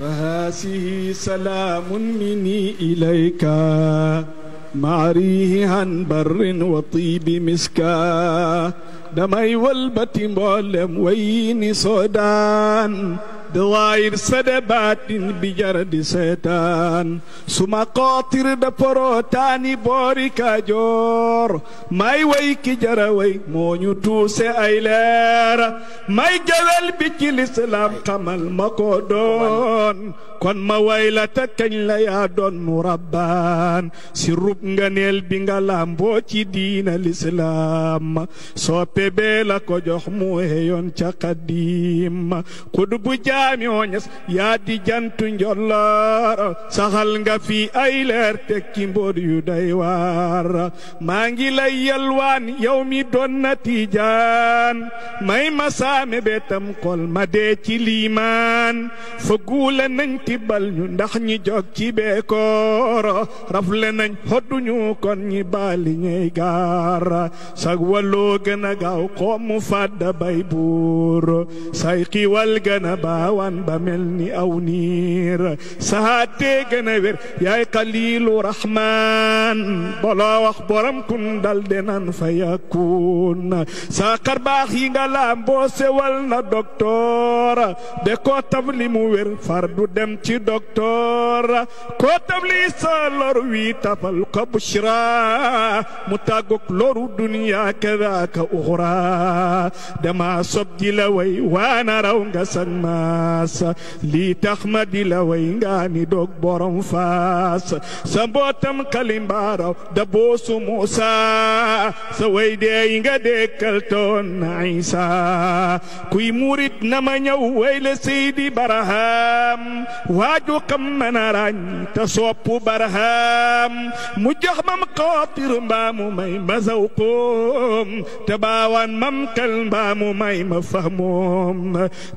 فهاسه سلام مني إليك maarihi han barrin wa tiibi miska damay walbati mboolem wayi ni soodaan دواير سدبات بجرد سيتان سما قاطر دبروتاني بوري كاجور ماي ويكي جراوي مونيو توسي ايلير ماي جوال بيكي الاسلام قمال مكودون كون ما ويلا تكن لا يا دون ربان سيروب غنيل بيغا لامبو تي دين الاسلام سوبي بلا كو جوخ مو هيون تقديم كود بو yaa mi woo ñas yaa di jantu saxal nga fi ay leer tekki mbóot yu day waar maa ngi lay yalwaan yow mi doon na tiijaan may ma saame betam xol ma dee ci liimaan fëgguule nañ tibbal ñu ndax ñi jog ci beekoor rafle nañ xodduñu kon ñi baali ñey gaar sag waloo gën a gaaw xoomu fàdda bay buur say xiwal gën a baa tiwaawan ba mel ni aw niir saxaatee gën a wér yaay xaliilu rahmaan baloo wax borom kun dal denan fa yakun sa xar baax yi nga laam boo sewal na doktoor de koo tam mu wér far du dem ci doktoor koo tam li lor wi tafal ko bushra mu tàgguk loru duniya kadaaka uxra dama sob di la way waana raw nga sang ma lii tax ma di la way ngaa ni doog borom Faas sa mbootam kalimbaaraw da boosu Muusa sa way deey nga dekkal toon na Isa kuy murit na ma ñëw la Seydi Baraham waaju xam mën a ràññ te soppu Baraham mu jox mam xaatir mbaamu may ma zaw koom te baawaan mam kal mbaamu may ma fahmoom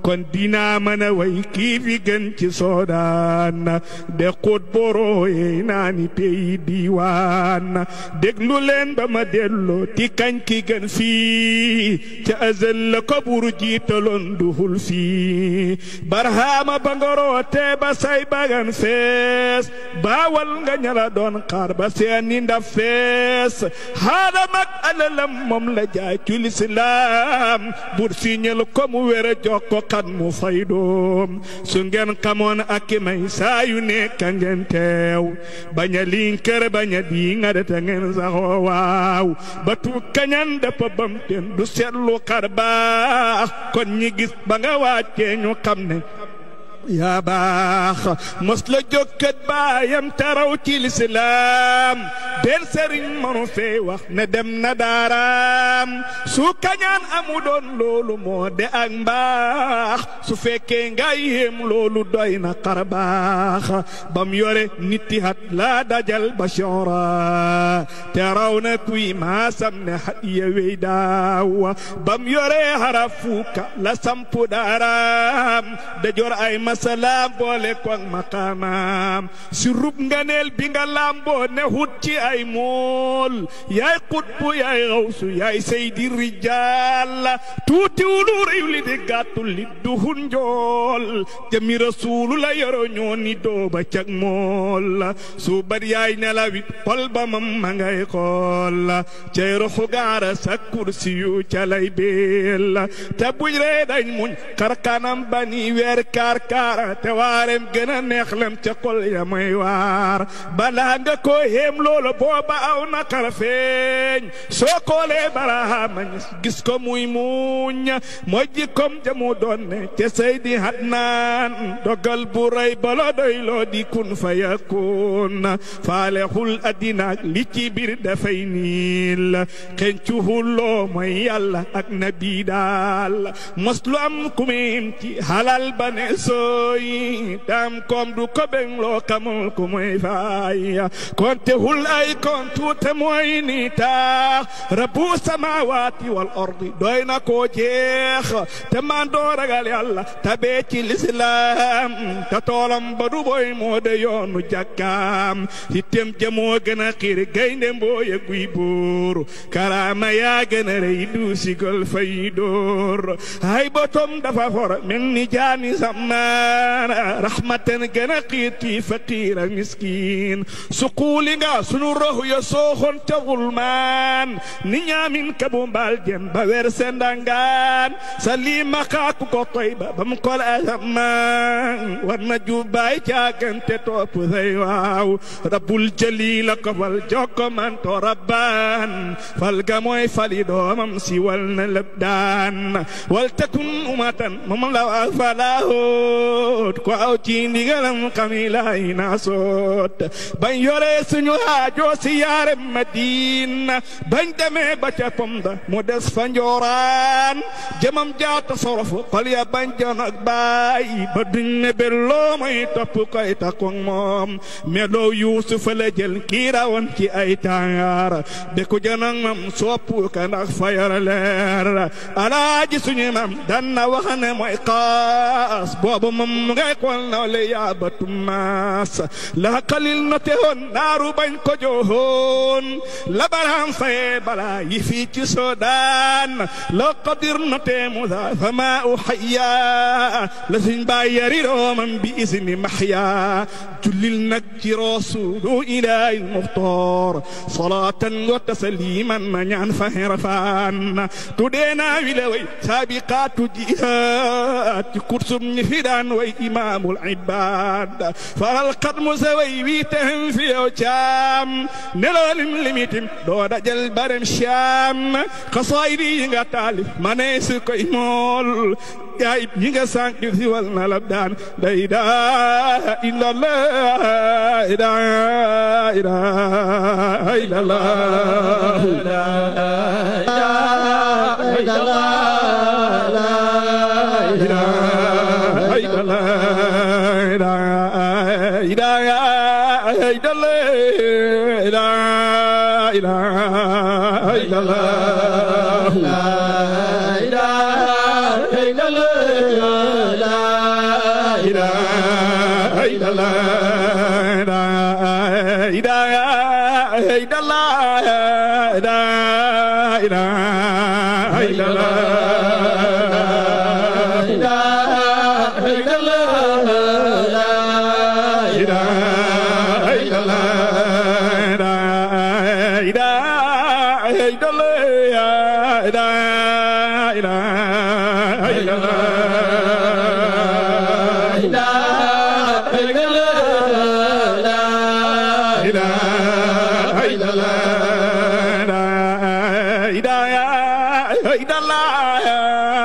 kon dinaa mën way kii fi gën ci soodaan na de xóot borooyey naa ni pey na déglu leen ba ma delloo ti kañ ki gën fii ci azal la ko buru jiitaloon duhul fii barhaama ba nga rootee ba say bagan fees baawal nga ñala doon xaar ba seeni ndaf fees xaalam ak alalam moom la jaay ci lislaam bur siñal ko mu wér a jox ko xat mu doom su ngeen xamoon ak may saa yu nekk ngeen teew bañ a liñ kër bañ a nga de ta ngeen saxoo waaw ba tu kañan dafa bam teen du seetlu xar baax kon ñi ba nga wàccee ñu xam ne yaa baax mos la jokkat baayam taraw ci lislaam benn sëriñ mënu fee wax ne dem na daaraam su kañaan amu doon loolu moo de ak mbaax su fekkee nga yéem loolu doy na xar baax bam yore nitti hat laa dajal ba coora te raw na kuy maasam ne hat yewey daawa bam yore hara fuuka la sampu daaraam da ay ma salaam boole koog maqaamaam si rub nganeel bi nga làmboo ne xut ci ay mool yaay xutbu yaay xawsu yaay saydi rijaal la tuuti wulu réew li di gàttu li duhun njool jëmi rasuulu la yoro ñoo dooba cag mool la yaay nelawit xol ba mam ma ngay xool la cay roxu gaara sa kursi yu calay beel la te buñ ree muñ xarkanam bani weer kaar waara te waareem gën a neex lam ca xol ya muy waar balaa nga ko yéem loolu booba aw naqar feeñ soo koolee barahaama gis ko muy muñ mooy jikkoom jamu doon ne te saydi Adnaan dogal bu bala doy loo di kun fa yakun faalexul addinaak li ci biir dafay niil xencuhul loo mooy yàlla ak nabi daal mos lu am ku ci halal ba ne soo looyi dam koom du ko beng loo xamul ku muy fay konte hul ay kontuute mooy ni tax rabbu samawati wal ardi doy na koo jeex te man doo ragal yàlla tabee ci lislaam te toolam ba du boy moo de yoonu jàkkaam itam jamoo gën a xiir gaynde mbooy a guy buur karaama yaa gën a rëy du sigol fay dóor ay botom dafa for mel jaani sama raxmatan gën a xiiti faqiira miskiin suquuli nga sunu rox ya sooxoon te gulmaan ni ñaamin kabu mbaal jem ba wer sendangaan saliima ko toy ba bam kol azamaan war na jubaay caagante topp say waaw rabbul jaliila ko fal jokko manto rabbaan fal ga mooy fali doomam si wal na lëb wal takun umatan moom la waa falaaho soot ku aw ci ndigalam xami lay na soot bañ yore suñu haajoo siyaare Madina bañ demee ba ca pomda mu des fa njooraan jëmam jaata sorofu xol ya bañ jon ak baay ba duñ ne belloo may topp koy takkoog moom meloo Yuusufa la jël kii rawoon ci ay tàngaar be ku janag mam soppu ka ndax fayar leer alaaji suñu mam dan na wax ne mooy xaas moom ngay xool naw le yaa batu maas la xalil note woon naaru bañ ko joxoon la baraam fayee balaa fii ci soodaan loo qadir note musa fama u xaya la suñ bày yari roomam bi isni maxya jullil nag ci rasulu a muxtaar salaatan wa tasliman ma fa xerafaan tudee naa wi la way saabiqaatu jihaad ci kursum ñi fi daan way imaamul ibaad faral xatmu sa way wii taxam fi yow caam neloonim limitim doo dajal barem caam xasaayid yi nga taalif manee su koy mool jaayib yi nga sànq fi wal na la daan day daa illallah daa illallah illallah illallah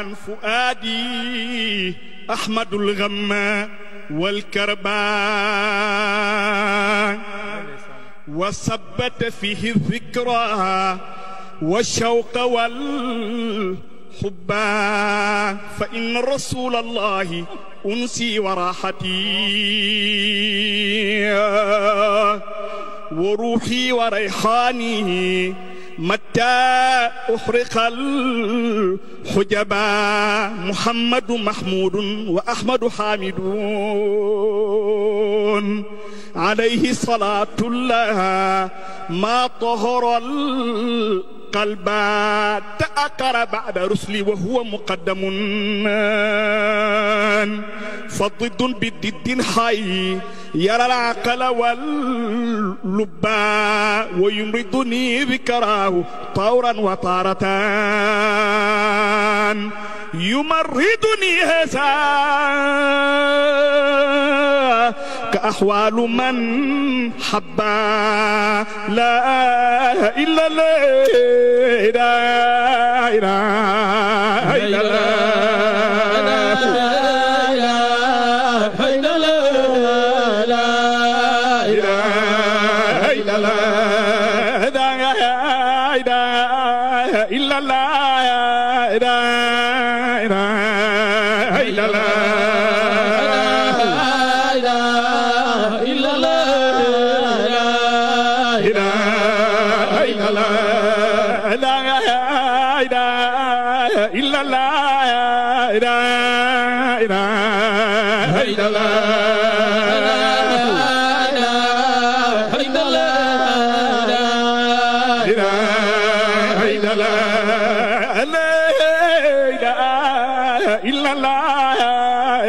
عن فؤادي أحمد الغم والكربان وثبت فيه الذكرى والشوق والحبان فإن رسول الله أنسي وراحتي وروحي وريحاني متى أحرق الحجبا محمد محمود وأحمد حامدون عليه صلاة الله ما طهر القلبا تأكر بعد رسلي وهو مقدم فضد بضد حي يرى العقل واللبا ويمردني بكراه طورا وطارة يمردني هذا كأحوال من حب الله لا إلا الله لا إله إلا الله إلا الله إله إلا الله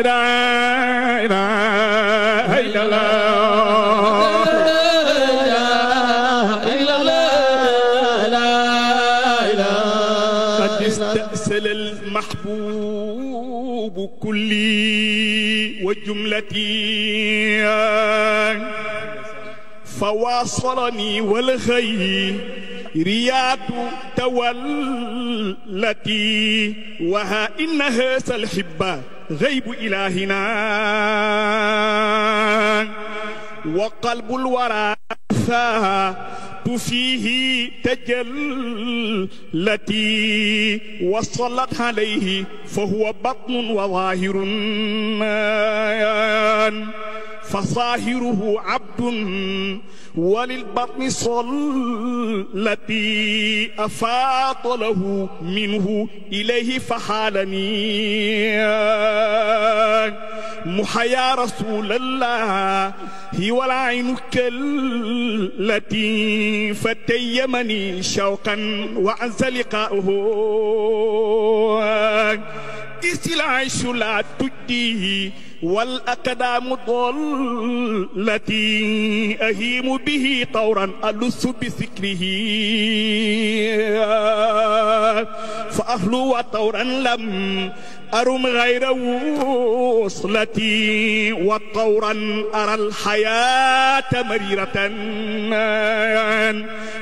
لا إله إلا الله قد استأسل المحبوب كلي وجملتي فواصلني والغيب رياض تولتي وها إنها سالحبة غيب إلهنا وقلب الورى ثابت فيه تجلتي وصلت عليه فهو بطن وظاهر فصاهره عبد وللبطن صلتي أفاط له منه إليه فحالني محيا رسول الله ولا عين التي فتيمني شوقا وعز لقاؤه إذ العيش لا تجديه والأقدام الضل التي أهيم به طورا ألس بسكره فأهلو طورا لم أرم غير وصلتي وطورا أرى الحياة مريرة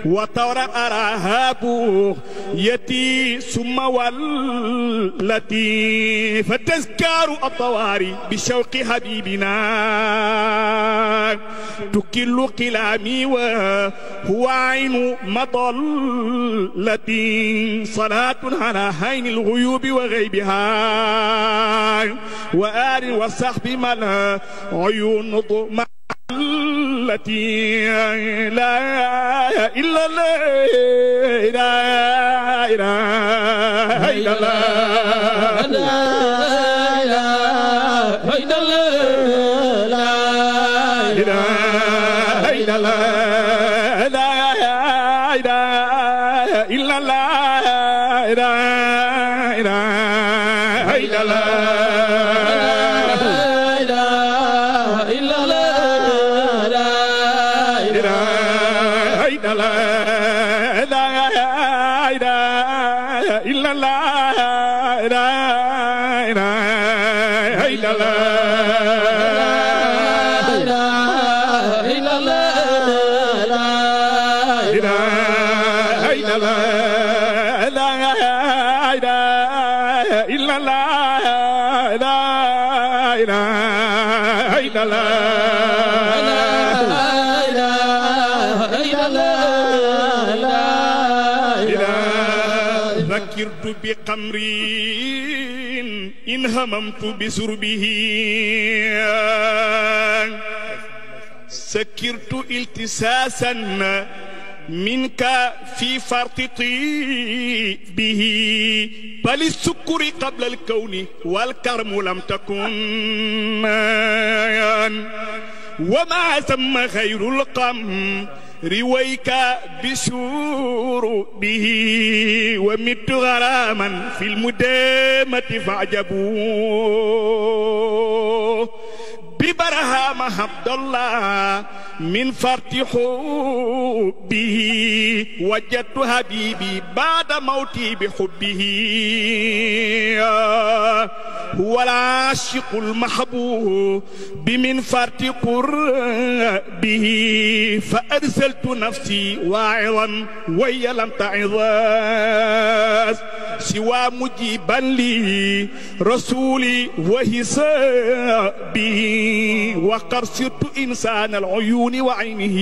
وطورا أرى هابويتي ثم والتي فتذكار الطواري بشوق حبيبنا تكل قلامي وهو عين مضلتي صلاة على هين الغيوب وغيبها وآل وصحب من عيون طمع التي لا إلا لا إله إلا الله إلا لا إله إلا إلا الله la la la إلا الله لا إله إلا الله ذكرت بقمري إن هممت بسربه سكرت التساسا منك في فرط طيبه بل السكر قبل الكون والكرم لم تكن وما ثم خير القم رويك بشور به ومت غراما في المدامة فعجبوا ببرهام عبد الله من فرط حبه وجدت حبيبي بعد موتي بحبه هو العاشق المحبوب بمن فرط قربه فأرسلت نفسي واعظا وهي لم تعظ سوى مجيبا لي رسولي وحسابي وقد صرت إنسان العيون وعينه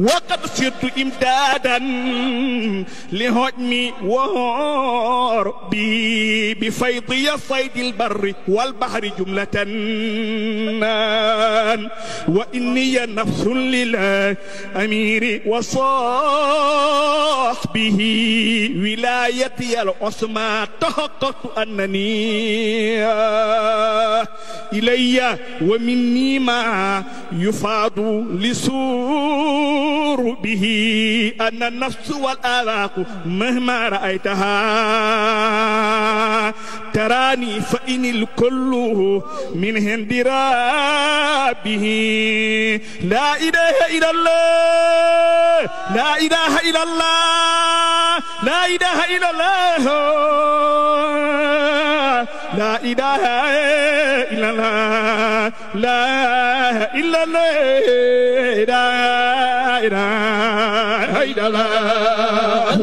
وقد صرت إمدادا لهجمي وهربي بفيضي صيد البر والبحر جملة وإني نفس لله أميري وصاحبه في ولايتي العصمى تحققت أنني إلي ومني ما يفاد لسور به أن النفس والآلاق مهما رأيتها تراني فإن الكل من هند ربه لا إله إلا الله لا إله إلا الله لا إله إلا الله لا إله إلا الله لا إلا الله لا إله إلا الله